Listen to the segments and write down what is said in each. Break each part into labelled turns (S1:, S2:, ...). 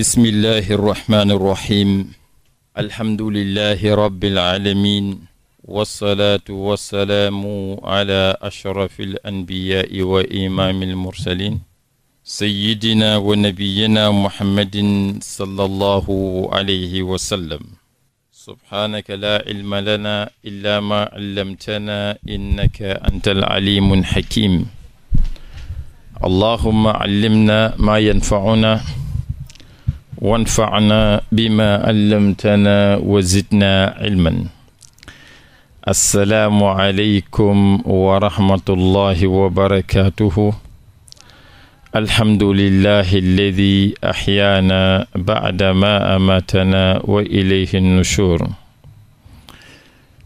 S1: بسم الله الرحمن الرحيم الحمد لله رب العالمين والصلاة والسلام على أشرف الأنبياء وإمام المرسلين سيدنا ونبينا محمد صلى الله عليه وسلم سبحانك لا علم لنا إلا ما علمتنا إنك أنت العليم الحكيم اللهم علمنا ما ينفعنا wanfacnaa bimaa allamtanaa wa zidnaa cilman assalaamu aleykum wa rahmatullahi wa barakaatuhu alhamdulillahi alladi axyaanaa bacda maa amaatanaa wa ilayhi nushuur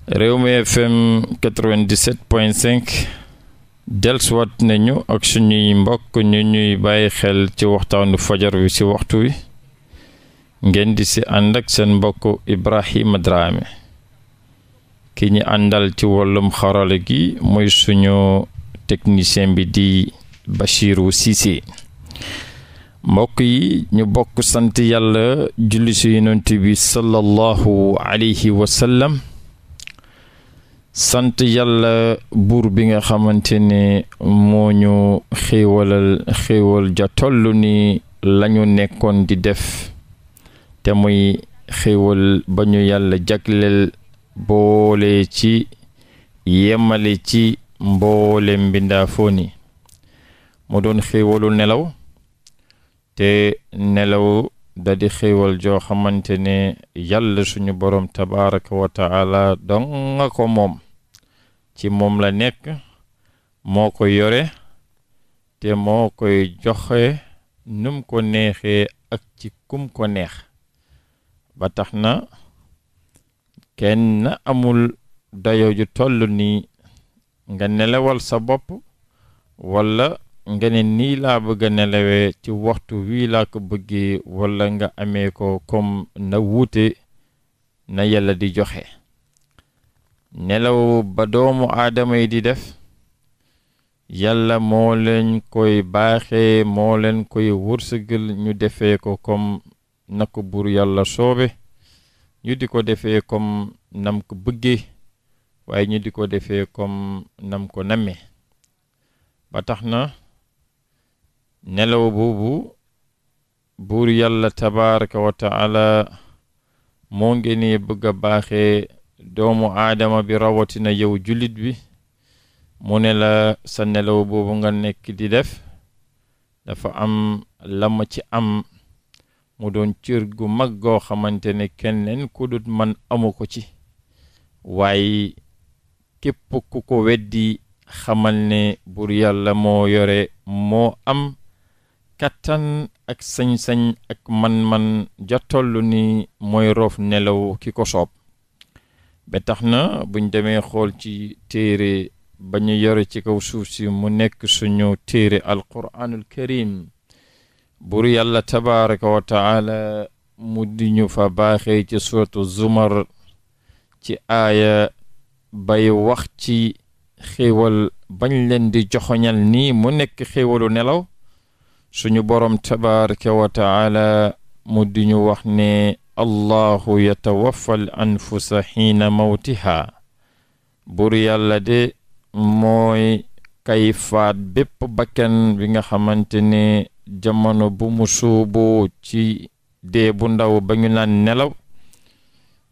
S1: Rewmi FM 97.5 delswat nañu ak suñuy mbokk ñu ñuy bàyyi xel ci waxtaanu fajar wi ci waxtu wi ngeen di si ànd ak seen mbokk Ibrahima Drame ki ñi àndal ci wàllum xarala gi mooy suñu technicien bi di Bachiru Cissé mbokk yi ñu bokk sant yàlla julli si yonent bi sallallahu alayhi wa sant yàlla buur bi nga xamante ne moo ñu xéewalal xéewal ja toll ni lañu nekkoon di def te muy xéwal ba ñu yàlla jagleel boole ci yemale ci mboole mbindaa ni mu doon xéwalu nelaw te nelaw da di xéwal joo xamante ne yàlla suñu borom tabaraka wa taala donga ko moom ci moom la nekk moo ko yore te moo koy joxe num ko neexee ak ci kum ko neex ba tax na kenn amul dayo ju toll nii nga nelawal sa bopp wala nga ne nii laa bëgg a nelawee ci waxtu wii laa ko bëggee wala nga amee ko comme na wuute na yàlla di joxe nelaw ba doomu aadama yi di def yàlla moo leen koy baaxee moo leen koy wërsëgal ñu defee ko comme na buur yàlla soobe ñu di ko defee kom nam ko bëggee waaye ñu di ko defee kom nam ko nammee ba tax na nelaw boobu buur yàlla tabaraka wa moo ngi ni bëgg a baaxee doomu aadama bi rawatina yow jullit bi mu ne la sa nelaw boobu nga nekk di def dafa am la ci am mu doon cër gu mag goo xamante ne kenn ku dut man amu ko ci waaye képp ku ko weddi xamal ne buur yàlla moo yore moo am kattan ak sañ-sañ ak man-man ja ni mooy roof nelaw ki ko soob ba tax na buñ demee xool ci téere ba ñu yore ci kaw suuf si mu nekk suñu téere alquranul karim buur yàlla tabaraka wa taala mu di ñu fa baaxee ci suratu zumar ci aaya bay wax ci bañ leen di joxoñal ni mu nekk xéewalu nelaw suñu boroom tabaraka wa taala mu di ñu wax ne allahu yatawaffa al anfusa xiina mawtiha buur yàlla de mooy kay faat bakkan bi nga xamante jamono bu mu suuboo ci dee bu ndaw ba ñu naan nelaw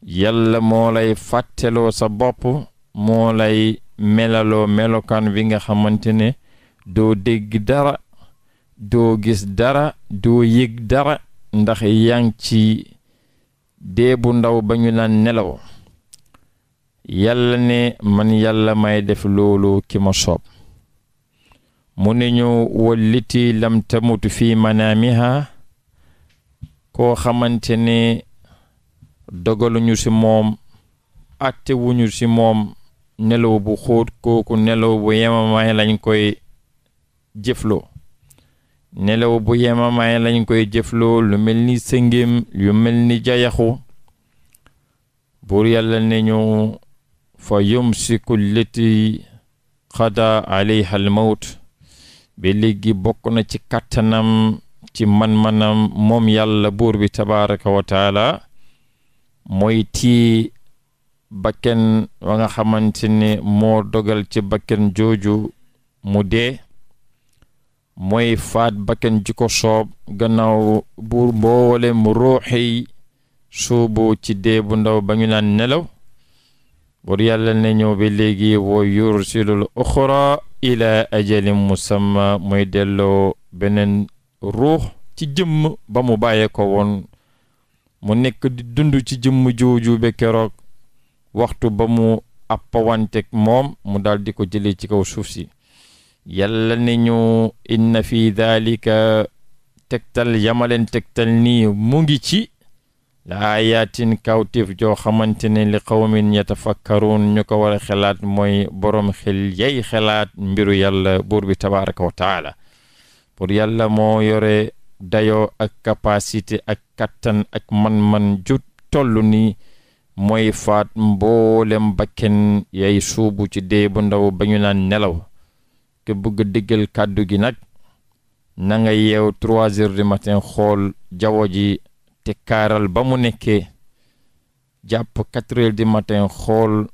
S1: yàlla moo lay fàtteloo sa bopp moo lay melaloo melokaan bi nga xamante ne doo dégg dara doo gis dara doo yëg dara ndax yaa ci dee bu ndaw ba ñu naan nelaw yàlla ne man yàlla may def loolu ki ma soob mu ne ñu walliti lam tamut fi manaamiha koo xamante ne dogaluñu ci moom attewuñu ci moom nelaw bu xóot kooku nelaw bu yemamaay lañ koy jëfloo nelaw bu yemamaay lañ koy jëfloo lu mel ni sëngéem yu mel ni jayaxu buur yàlla ne ñu fa yumsiku lati xada alayha al mawt ba léegi bokk na ci kàttanam ci man-manam moom yàlla buur bi tabaraka wa taala mooy tii bakken wa nga xamante ne moo dogal ci bakken jooju mu dee mooy faat bakken ji ko soob gannaaw buur mboole mu ruuxi suubu ci dee bu ndaw ba ñu naan nelaw buur yàlla ne ñëw ba léegi wa yursilul uxra ila ajalin musamma mooy delloo beneen ruux ci jëmm ba mu bàyyee ko woon mu nekk di dund ci jëmm jooju ba keroog waxtu ba mu appawanteeg moom mu daldi ko jële ci kaw suuf si yàlla ne ñu fi daalika tegtal yamaleen tegtal nii mu ngi ci laayatin kawtif joo xamante ne li qawmin yatafakkaruun ñu ko war a xelaat mooy boroom xel yey xelaat mbiru yàlla buur bi tabaraka wa taala pour yàlla moo yore dayo ak capacité ak kattan ak man-man ju toll ni mooy faat mboolem bakken yay suubu ci dee bu ndaw ba ñu naan nelaw ke bëgg diggal kàddu gi nag na nga yeew trois heures du matin xool jaww ji te kaaral ba mu nekkee jàpp quatre heures du matin xool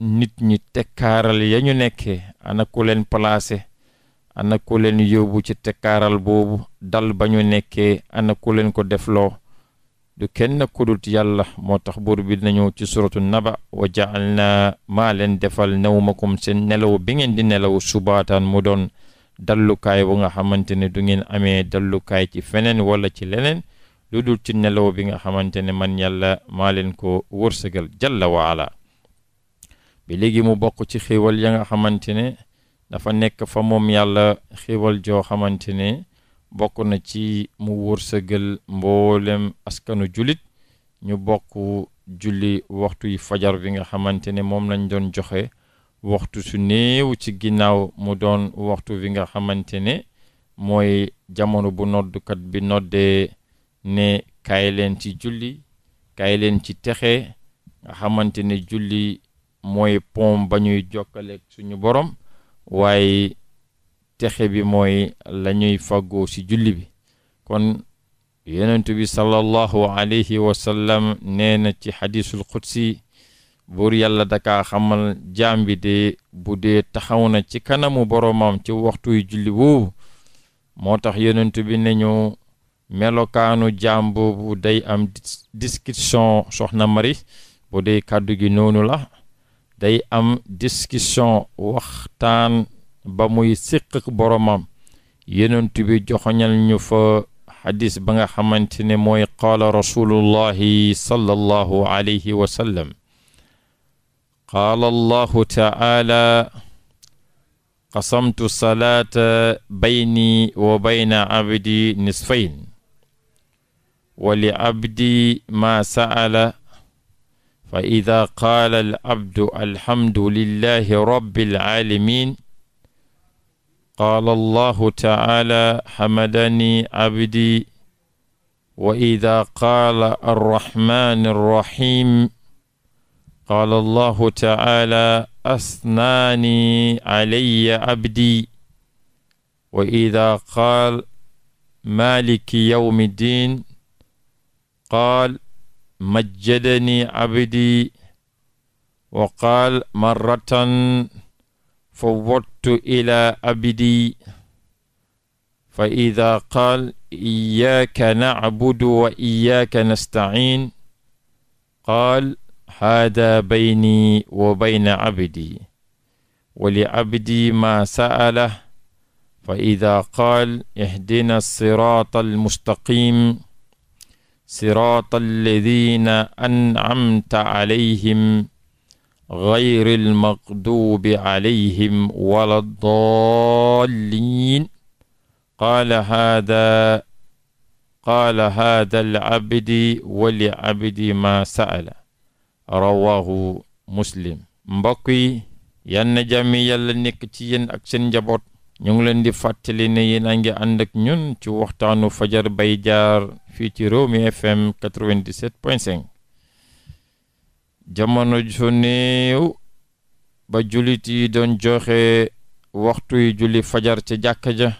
S1: nit ñi tekkaaral ya ñu nekkee ana ku leen placé ana ku leen yóbbu ci tekkaaral boobu dal ba ñu nekkee ana ku leen ko defloo du kenn ku dut yàlla moo tax buur bi nañu ci suratu naba wa na maa leen defal nawuma kom seen nelaw bi ngeen di nelaw subaataan mu doon dallukaay bu nga xamante ne du ngeen amee dallukaay ci feneen wala ci leneen lu dul ci nelaw bi nga xamante ne man yàlla ma leen ko wërsëgal jalla waala bi léegi mu bokk ci xéewal ya nga xamante ne dafa nekk fa moom yàlla xéewal joo xamante ne bokk na ci mu wërsëgal mboolem askanu julit ñu bokk julli waxtu yi fajar bi nga xamante ne moom lañ doon joxe waxtu su néew ci ginnaaw mu doon waxtu bi nga xamante ne mooy jamono bu noddukat bi noddee ne kaay leen ci julli kaay leen ci texe nga xamante ne julli mooy pom ba ñuy jokkale suñu boroom waaye texe bi mooy lañuy ñuy faggoo ci julli bi kon yonent bi sallallahu alayhi wa sallam ci xadiisul qudsi buur yàlla daka xamal jaam bi de bu dee taxaw na ci kanamu boromam ci waxtuy julli boobu moo tax yonent bi ne ñu melokaanu jaam boobu day am discussion soxna Mari bu dee kàddu gi noonu la day am discussion waxtaan ba muy siq boromam yonent bi joxoñal ñu fa xadis ba nga xamante ne mooy qaala rasulullahi sallallahu salaata bayni wa bayna abdi nisfayn wa li abdi maa sa'ala fa ida qaala al abdu alhamdulillahi rabbil aalamiin qaala allahu ta'ala hamadani abdi wa ida qaala arrahmaani arrahiim qaala allahu ta'ala asnaani alayya abdi wa ida qaala maaliki yawmi diin qaal majjadani abdi wa qaal marratan fawwadtu ila abdi fa ida qaal iyaaka nacbudu wa iyaaka nastacin qaal haada bayni wa bayna abdi wa li abdi maa sa'alahu fa ida qaal ihdina siraata almustaqim siraata alladina ancamta calayhim gayri almaqduubi calayhim wala dalliin qaala haada qaala haada alcabdi wa licabdi maa sa'ala rawahu muslim mbokk yi yann jàmmi yàlla nekk ci yéen ak seen njaboot ñu ngi leen di fàttali ne yéen a ngi ànd ak ñun ci waxtaanu fajar bay jaar fii ci Rewmi FM 97.5 jamono ju ba jullit yi doon joxe waxtu yu julli fajar ca jàkka ja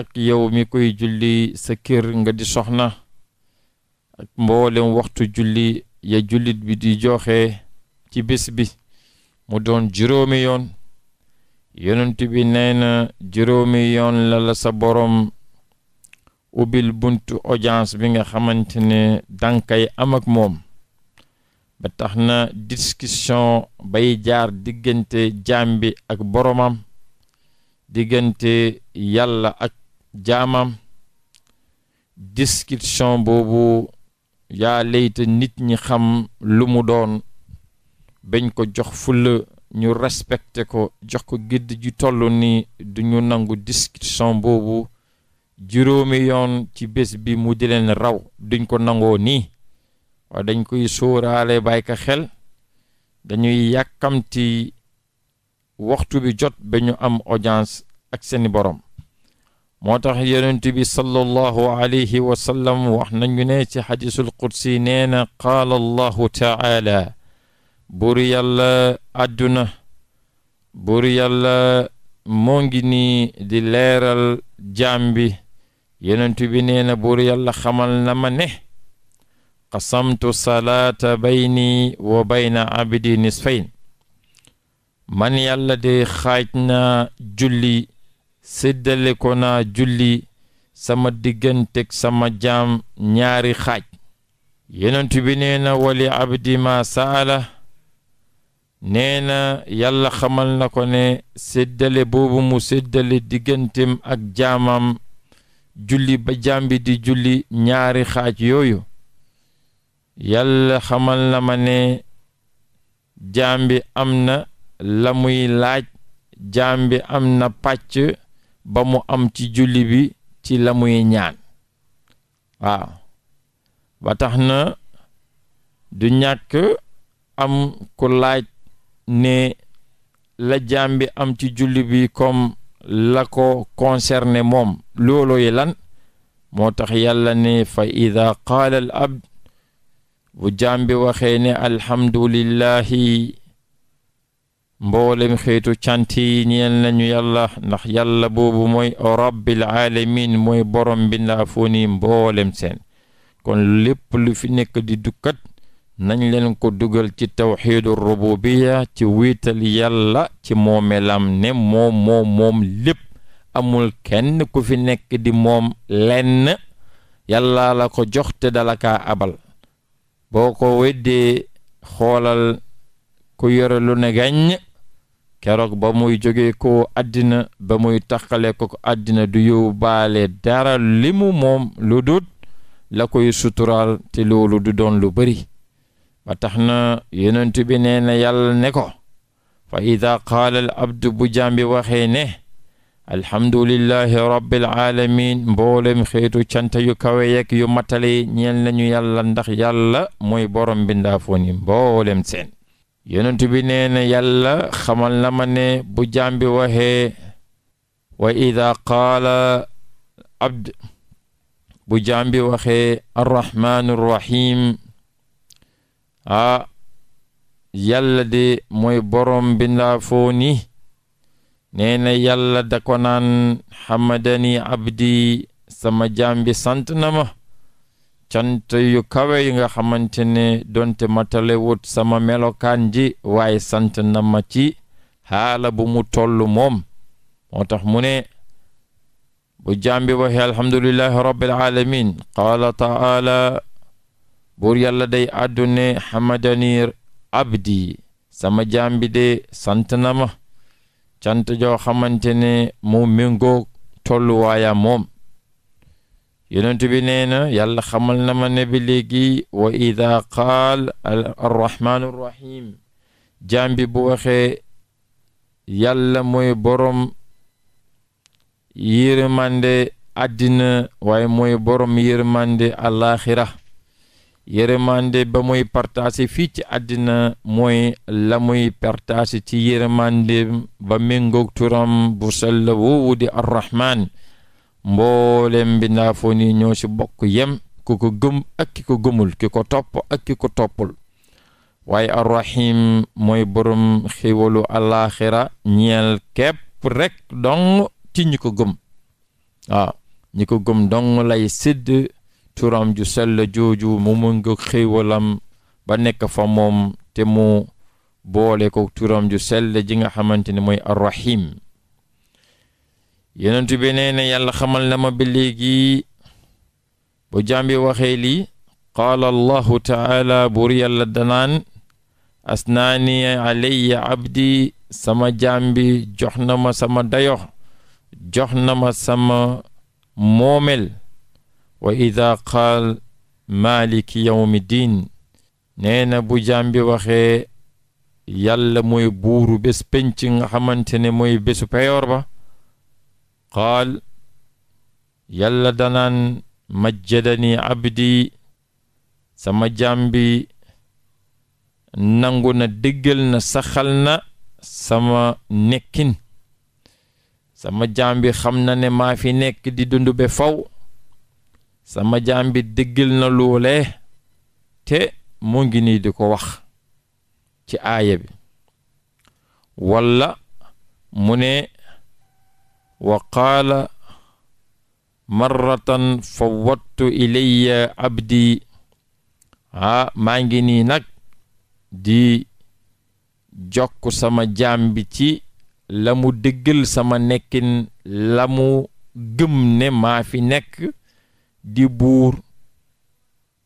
S1: ak yow mi koy julli sa kër nga di soxna ak mboolem waxtu julli ya jullit bi di joxe ci bés bi mu doon juróomi yoon yonent bi nee na juróomi yoon la la sa boroom ubbil buntu audience bi nga xamante ne dànkay am ak moom ba tax na discussion bay jaar diggante jaam bi ak boroomam diggante yàlla ak jaamam discussion boobu yaa leyta nit ñi xam lu mu doon bañ ko jox fulla ñu respecté ko jox ko gidd ji toll ni duñu nangu discussion boobu juróomi yoon ci bés bi mu di leen raw duñ ko nangoo nii waaye dañ koy suuraale bàyyi xel dañuy yàkkamti waxtu bi jot ba ñu am audience ak seeni boroom moo tax yonent bi sallallahu alayhi wa sallam wax nañu ne ci xadisul qudsi nee na qaala allahu taala buur yàlla àdduna buur yàlla moo ngi nii di leeral jaam bi yenentu bi nee na buur yàlla xamal na ma ne qasamtu salaata bayni wa bayna abdi nisfayn man yàlla de xaaj na julli seddale ko naa julli sama digganteg sama jaam ñaari xaaj yenentu bi nee wali abdi ma saala nee na yàlla xamal na ko ne seddale boobu mu seddale digganteem ak jaamam julli ba jaam bi di julli ñaari xaaj yooyu yàlla xamal na ma ne jaam bi am na la muy laaj jaam bi am na pàcc ba mu am ci julli bi ci la muy ñaan waaw ba tax na du ñàkk am ku laaj ne la jaam bi am ci julli bi comme la ko concerné moom loolooy lan moo tax yàlla ne fa ida qaala al abd bu jaam bi waxee ne alhamdulillahi mboolem xeetu cant yi nañu yàlla ndax yàlla boobu mooy rabbi alamin mooy borom bi ndaa mboolem seen kon lépp lu fi nekk di dukkat nañ leen ko dugal ci tawxiidu rububiya ci wiital yàlla ci moomelam ne moom moom moom lépp amul kenn ku fi nekk di moom lenn yàlla la ko jox te dalaka abal boo ko weddee xoolal ku yore lu ne gàññ keroog ba muy jóge ko àddina ba muy taqale ko ko àddina du yóbbaale dara li mu moom lu dut la koy suturaal te loolu du doon lu bari ba tax na yonent bi nee na yàlla ne ko fa ida qaala al abdu bu jàmbi waxee ne alhamdulillahi rabbil alamin mboolem xeetu cant yu kawe yu matale ñeel nañu yàlla ndax yàlla mooy borom bindaafoon yi mboolem seen yonent bi nee xamal na ma ne bu jàmbi wa ida qaala abd bu jàmbi waxee arrahmaanu ah yàlla de mooy boroom bindaa foo ni nee na yàlla da ko naan xamadani abdi sama jaam sant na ma cant yu kawe yi nga xamante ne donte matale sama melokaan ji waaye sant na ma ci xaala bu mu toll moom moo tax mu ne bu jaam bi alhamdulillahi rabbil alamin qaala taala buur yàlla day àddune xamadani abdi sama jaam bi de sant na ma joo xamante ne mu méngoo tolluwaaya moom yonent bi nee na yàlla xamal na ma ne bi léegi wa ida qaal arrahmaanu rahim bu waxee yàlla mooy borom yërmande àddina waaye mooy borom yërmande àllaaxira yére yërmande ba muy partaase fii ci addina mooy la muy partaase ci yërmande ba méngoog turam bu sell woowu di arrahman mboolem mbindaafoo ni ñoo ci bokk yem ku ko ak ki ko gëmul topp ak ki ko toppul waaye arrahim mooy borom xéwalu alaxira ñeel képp rek dong ci ñi ko gëm waaw ñi ko gëm dong lay sédd turam ju sell jooju mu mun nga ba nekk fa moom te mu boole ko turam ju sell ji nga xamante ne mooy arrahim yonent yàlla xamal na ma ba léegi bu jàmbi waxee lii qaala allahu taala buur yàlla danaan asnaani alayya abdi sama jàmbi jox na ma sama dayo jox na ma sama moomel wa ida qaal maaliki yawmi diin nee na bu jaam bi waxee yàlla mooy buuru bés penc nga xamante ne mooy bésu peyoor ba qaal yàlla danaan majjadani abdi sama jaam nangu na déggal na saxal na sama nekkin sama jaam xam na ne maa fi nekk di dund be faw sama jaam bi na loolee te mu ngi nii di ko wax ci aaya bi walla mu ne wa qaala marratan fawattu ilayya abdi ah maa ngi nii nag di jokk sama jaam bi ci la mu dëggal sama nekkin la mu gëm ne maa fi nekk di buur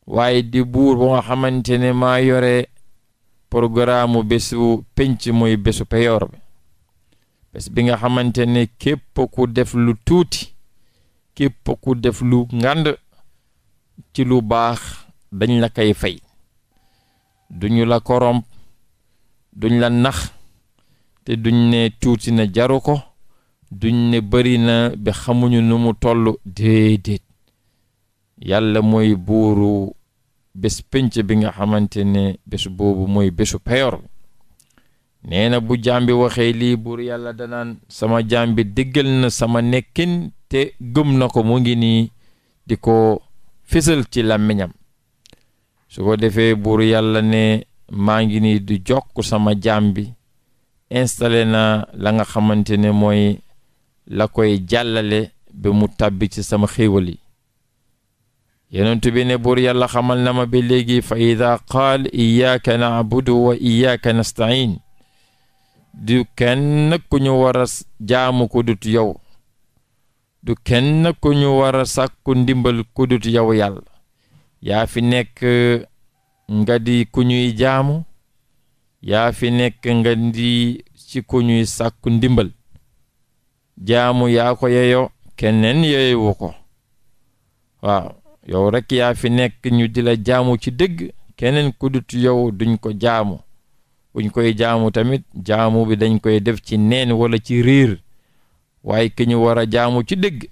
S1: waaye di buur bu nga xamante ne maa yore programme bésu penc mooy bésu peyoor bi bés bi nga xamante ne képp ku def lu tuuti képp ku def lu ngànd ci lu baax dañ la koy fay duñu la koromp duñ la nax te duñ ne tuuti na jaru ko duñ ne bari na bi xamuñu nu mu toll déedéet yàlla mooy buuru bés pénc bi nga xamante ne bés boobu mooy bésu peyor nee na bu jaam bi waxee lii buur yàlla danaan sama jaam bi déggal na sama nekkin te gëm na ko mu ngi nii di ko fésal ci làmmiñam su ko defee buur yàlla ne maa ngi nii di jokk sama jaam bi installé na la nga xamante ne mooy la koy jàllale ba mu tàbbi ci sama xéewal yi yonent bi ne buur yàlla xamal na ma ba léegi fa ida qaal iyaaka naabudu wa iyaaka nastain du kenn ku ñu war jaamu ku yow du kenn ku ñu war a sàkku ndimbal ku yow yàlla yaa fi nekk nga di ku ñuy jaamu yaa fi nekk nga di ci ku ñuy sàkku ndimbal jaamu yaa ko yeyo keneen yeyowu ko waaw yow rekk yaa fi nekk ñu dila la jaamu ci dëgg keneen ku dut yow duñ ko jaamu buñ koy jaamu tamit jaamu bi dañ koy def ci neen wala ci riir waaye ki ñu war a jaamu ci dëgg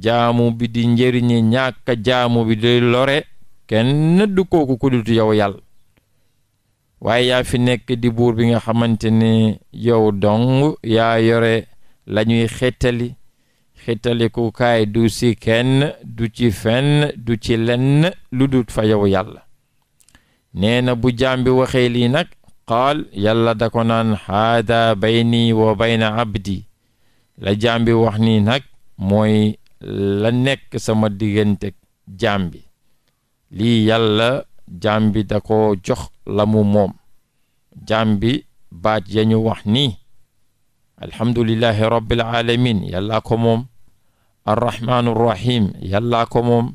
S1: jaamu bi di njëriñe ñàkk jaamu bi di lore kenn du kooku ku dut yow yàlla waaye yaa fi nekk di buur bi nga xamante ne yow dong yaa yore lañuy xettali xittalikukaay du si kenn du ci fenn du ci lenn lu dut fa yow yàlla nee bu jaam bi lii nag qaal yàlla da ko naan haada bayni wa bayna abdi la jaam wax nii nag mooy la nekk sama diggante jaam lii yàlla jaam bi da ko jox la mu moom jaam bi baat yañu ñu wax nii alhamdulillahi rabbil alamin yàlla ko moom arrahmaanu rahim yàllaa ko moom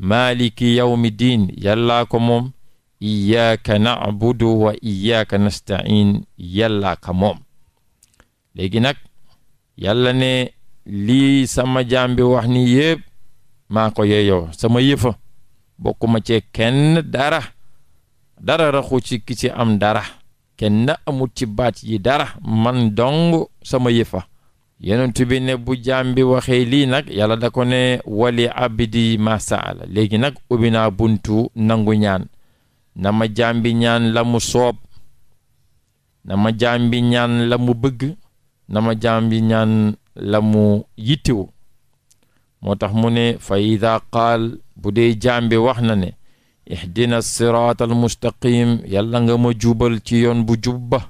S1: maaliki yawmi diin yàllaa ko moom iyaaka nacbudu wa iyaaka nastain yàllaa moom léegi nag yàlla ne lii sama jaam bi wax ni yëpp maa ko yeeyoo sama yëfa bokkuma cee kenn dara dara raxu ci ki ci am dara kenn amut ci baat yi dara man dong sama yëfa yonent bi ne bu jaam bi waxee lii nag yàlla da ko ne wali abidi masaala léegi nag ubbi naa buntu nangu ñaan na ma jaam bi ñaan la mu soob na ma jaam bi ñaan la mu bëgg na ma jaam bi ñaan la mu yittiwu moo tax mu ne fa ida qaal bu dee jaam bi wax na ne dina siraat al mustaqim yàlla nga ma juubal ci yoon bu jub ba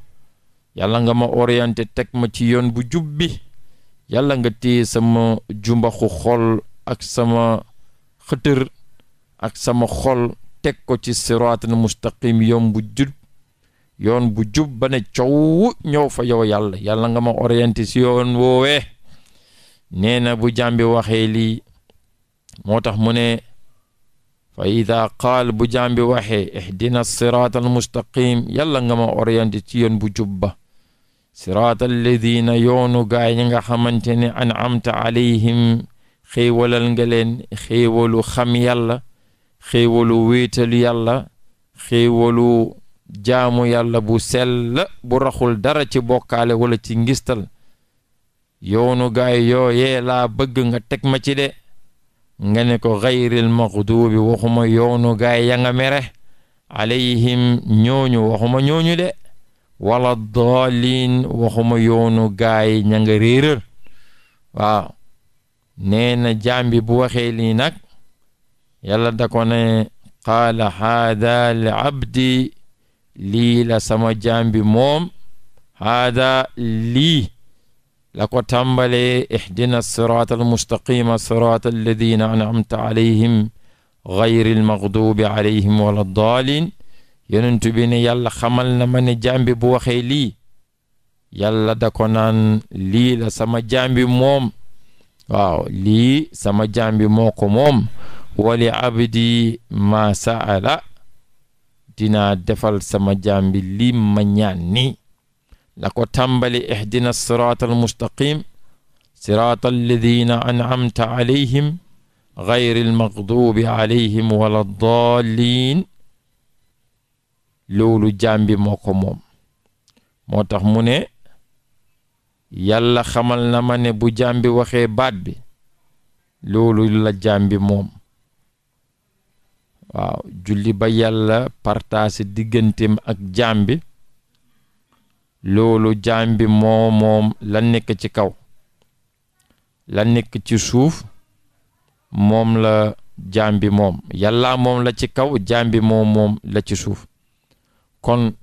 S1: yàlla nga ma orienté teg ma ci yoon bu jub bi yàlla nga téye sama jumbaxu xool ak sama xëtër ak sama xol teg ko ci siraatal mustaqim yoon bu jub yoon bu jub ba ne coow ñëw fa yow yàlla yàlla nga ma orienté si yoon woowee nee na bu jàmbi waxee lii moo tax mu ne fa ida qaal bu jàmbi waxee ihdina siraatal mustaqim yàlla nga ma orienté ci yoon bu jub ba siraata alladina yoonu gaay ñi nga xamante ne an'amta alayhim xéewalal nga leen xéewalu xam yàlla xéewalu wéetalu yàlla xéewalu jaamu yàlla bu sell bu raxul dara ci bokkale wala ci ngistal yoonu gaay yooyee laa bëgg nga teg ma ci de nga ne ko xayril maxduubi waxuma yoonu gaay ya mere alayhim ñooñu waxuma ñooñu de wala doolin waxuma yoonu gaay ña nga réeral waaw nee jaam bi bu waxee lii nag yàlla da ko ne haada li abdi lii la sama jaam bi moom haada lii la ko tàmbalee ihdina siraat almustaqima siraat alladina anamta alayhim gayri almaghdubi alayhim wala daalin yonent bi ne yàlla xamal na ma ne jaambi bu waxee lii yàlla da ko naan lii la sama jaambi moom waaw lii sama jaambi moo ko moom wali abdi ma saala dinaa defal sama jaambi lii ma ñaan nii la ko tàmbali ihdina siraat al mustaqim siraat alladina an'amta alayhim gayri almaghdubi alayhim wala dallin loolu jaam bi moo ko moom moo tax mu ne yàlla xamal na ma ne bu jaam bi waxee baat bi loolu la jaam bi moom waaw julli ba yàlla partaase digganteem ak jaam bi loolu jaam bi moom la nekk ci kaw la nekk ci suuf moom la jaam bi moom yàlla moom la ci kaw jaam bi moom moom la ci suuf kon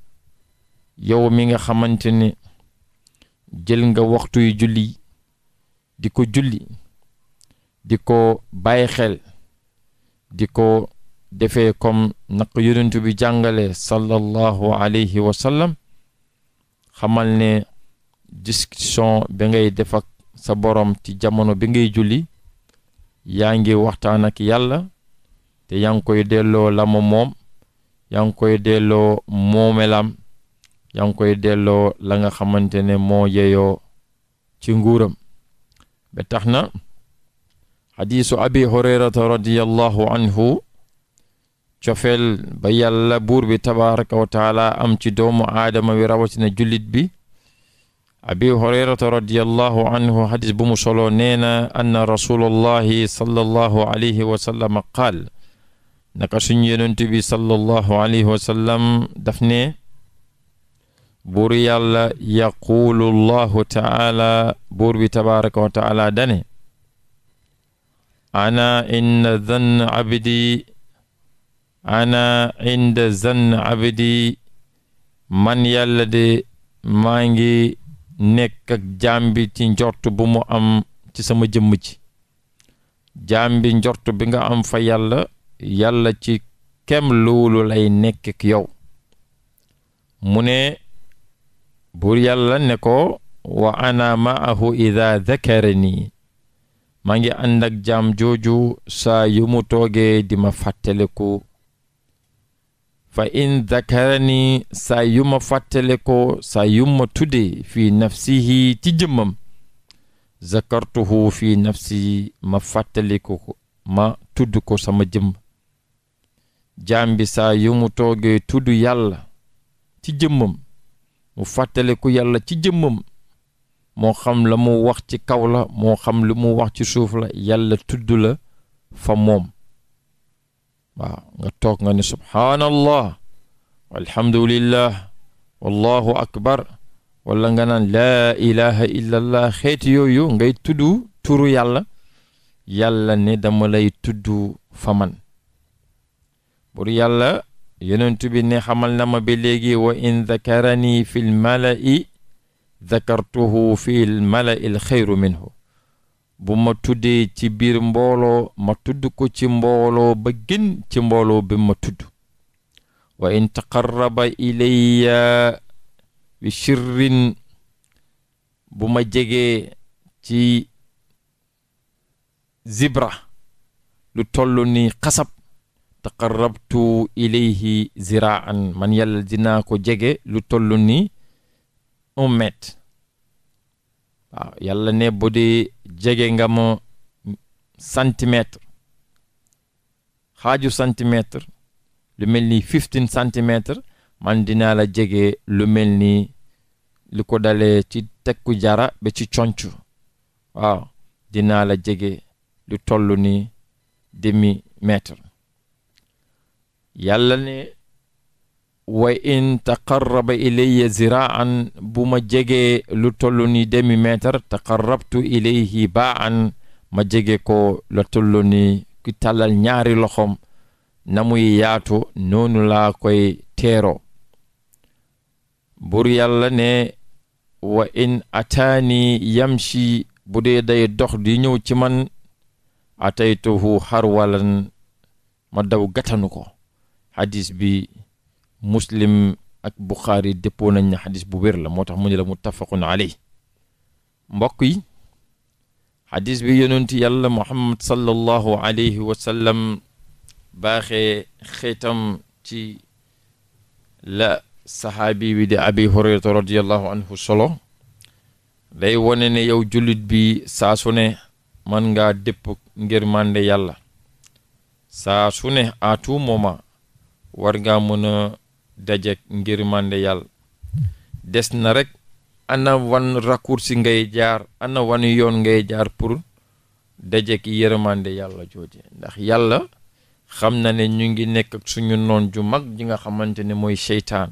S1: yow mi nga xamante ne jël nga waxtu yu julli di ko julli di ko bàyyi xel di ko defee comme naq yonent bi jàngale sallallahu alayhi wa xamal ne discussion ba ngay def ak sa borom ci jamono bi ngay julli yaa ngi waxtaan ak yàlla te yaa ngi koy delloo la ma moom yaa ngi koy delloo moomelam yaa ngi koy delloo la nga xamante ne moo yeyoo ci nguuram tax na xadiisu abi hurayrata radiallahu anhu cofeel ba yàlla buur bi tabaraka wa am ci doomu aadama bi rawatina jullit bi abi hurayrata radiallahu anhu xadis bu solo nee na anna rasulullahi sallallahu alayhi wa qaal naka suñu yonent bi sallallahu alayhi wa daf ne buur yàlla yaquulu llahu taala buur bi tabaraka wa taala dane ana inda zann abdi ana inda zann abdi man yàlla de maa ngi nekk ak jaam njort bu mu am ci sama jëmm ci jaam bi njort bi nga am fa yàlla yàlla ci kem loolu lay nekk ak yow mu ne buur yàlla ne ko wa ana maahu ida dakarani maa ngi ànd ak jaam jooju saa yu mu toogee di ma fàttaliku fa in dakarani saa yu ma fàttalikoo saa yu ma tuddee fii nafsihi ci jëmmam zakartuhu fii nafsi ma fàttaliku ko ma tudd ko sama jëmm jaam saa yu mu toogee tudd yàlla ci jëmmam mu ku yàlla ci jëmmam moo xam la mu wax ci kaw la moo xam lu mu wax ci suuf la yàlla tudd la fa moom waaw nga toog nga ne subhaanallah walhamdulillah wallahu akbar wala nga naan laa ilaha illallah xeeti yooyu ngay tudd turu yàlla yàlla ne dama lay tudd fa man pour yàlla yonent bi ne xamal na ma ba léegi wa in dakarani fi l malai dakartuhu fi l malai minhu bu ma tuddee ci biir mbooloo ma tudd ko ci mbooloo ba ci mbooloo bi ma tudd wa in taqarraba ilayya bi shirrin bu ma jege ci zibra lu toll ni xasab taqarrabtu ilayhi ziraan man yàlla dinaa ko jege lu toll ni un mètre yàlla ne bu dee jege nga ma centimètre xaaju centimètre lu mel ni fifteen centimètre man dinaa la jege lu mel ni lu ko dalee ci tekku jara ba ci conc waaw dinaa la jege lu toll ni demi mètre yàlla ne wa in taqarraba ilayya ziraan bu ma jege lu toll ni demi mètre taqarrabtu ilayhi baan ma jege ko lu toll ni ki tàllal ñaari loxoom na muy yaatu noonu laa koy teeroo bur yàlla ne wa in ataani yamshi bu dee day dox di ñëw ci man ataytuhu harwalan ma daw gatanu ko xadis bi muslim ak buxaari dëppoo nañ ne xadis bu wér la moo tax mu la muttafaqun aley mbokk yi xadis bi yonenti yàlla muhammad sallallahu alayhi wa baaxe xeetam ci la saxaabi bi di abi hurayrata radiallahu anhu solo day wone ne yow jullit bi saa man nga dëpp ngir mànde yàlla saa su ne à tout moment war ngaa mën a dajek ngir mànde yàlla des na rek ana wan raccourci ngay jaar ana wan yoon ngay jaar pour daje dajek yërmande yàlla jooje ndax yàlla xam na ne ñu ngi nekk suñu noon ju mag ji nga xamante ne mooy seytaan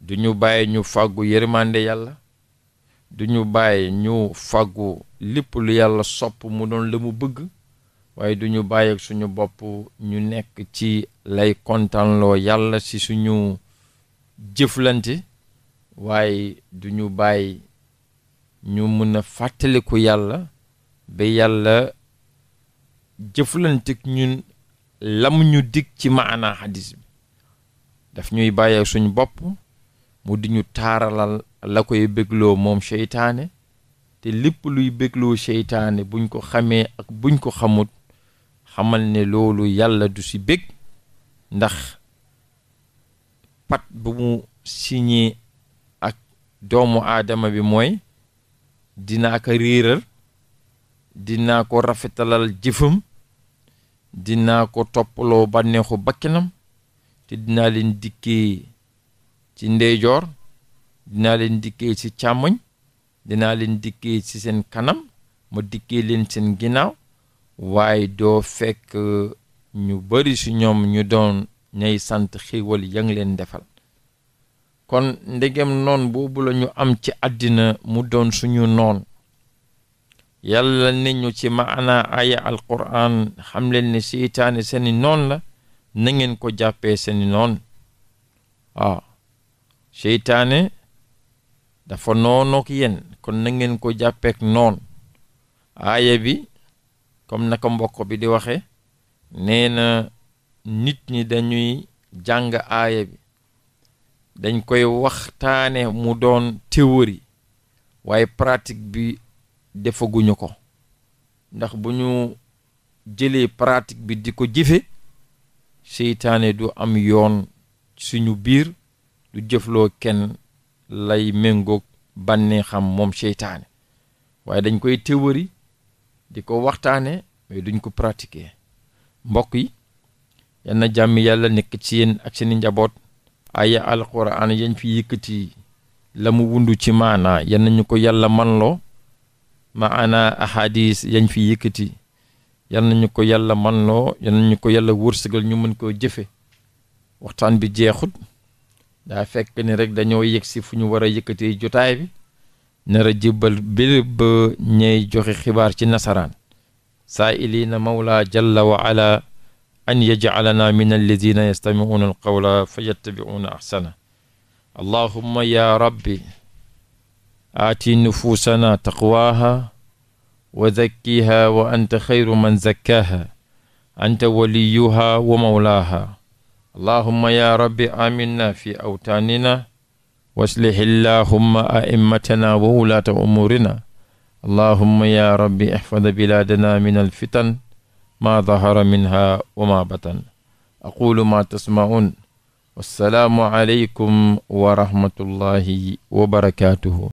S1: duñu ñu bàyyi ñu fàggu yërmande yàlla duñu bàyyi ñu fàggu lépp lu yàlla sopp mu doon la mu bëgg waaye du ñu bàyyi ak suñu bopp ñu nekk ci lay kontaanloo yàlla si suñu jëflante waaye du ñu bàyyi ñu mën a fàttaliku yàlla ba yàlla jëflantek ñun lam ñu dig ci maanaa xadis bi daf ñuy bàyyi ak suñu bopp mu di ñu taaralal la koy bégloo moom seytaane te lépp luy bégloo seytaane buñ ko xamee ak buñ ko xamut xamal ne loolu yàlla du si bég ndax pat bu mu signé ak doomu aadama bi mooy dinaa ko réeral dinaa ko rafetalal jëfam dinaa ko toppaloo bànneexu bakkinam te dinaa leen dikkee ci ndeyjoor dinaa leen dikkee ci càmmoñ dinaa leen dikkee ci seen kanam ma dikkee leen seen ginnaaw waaye doo fekk euh, ñu bari ci ñoom ñu doon ñay sant xiiwal ya ngi leen defal kon ndegem noon boobu lañu am ci àddina mu doon suñu noon yàlla nañu ñu ci maanaa aaya alquran xam leen ne seytaane seeni noon la nangeen ko jàppee seeni noon waaw seytaane dafa noonook yéen kon na ngeen ko jàppeek noon aaya bi comme naka mbokk bi di waxe nee na nit ñi dañuy jàng aaya bi dañ koy waxtaane mu doon théorie waaye pratique bi defaguñu ko ndax bu ñu jëlee pratique bi di ko jëfe seytaane du am yoon suñu biir du jëfloo kenn lay méngoog bànnee xam moom seytaane waaye dañ koy théorie li ko waxtaane mais duñ ko pratiquer mbokk yi yal na jàmm yàlla nekk ci yéen ak seeni njaboot aya alquran yañ fi yëkkati la mu wundu ci maanaa yal nañu ko yàlla manloo maana ahadis yañ fi yëkkati yal nañu ko yàlla manloo yal ñu ko yàlla wërsëgal ñu mën koo jëfe waxtaan bi jeexut daa fekk ni rek dañoo yëg si fu ñu war a yëkkatee jotaay bi nar a jébbal béréb ba ñay joxe xibaar ci nasaraan saa iliina mawla jalla wa ala an yajcalana min alladina yastamicuuna alqawla fa yattabicuuna axsana allahumma ya rabbi aati nufuusana taqwaaha wa zakkiha wa anta xayru man zakkaaha anta waliyuha wa mawlaaha allahumma ya rabbi aminna fi awtaanina waslih illahumma aimmatana wa wulaata umuurina allahumma ya rabbi ihfad bilaadana min alfitan ma dahara minha wa ma batan aqulu ma tasmaun wassalaamu aleykum wa rahmatullahi wa barakaatuhu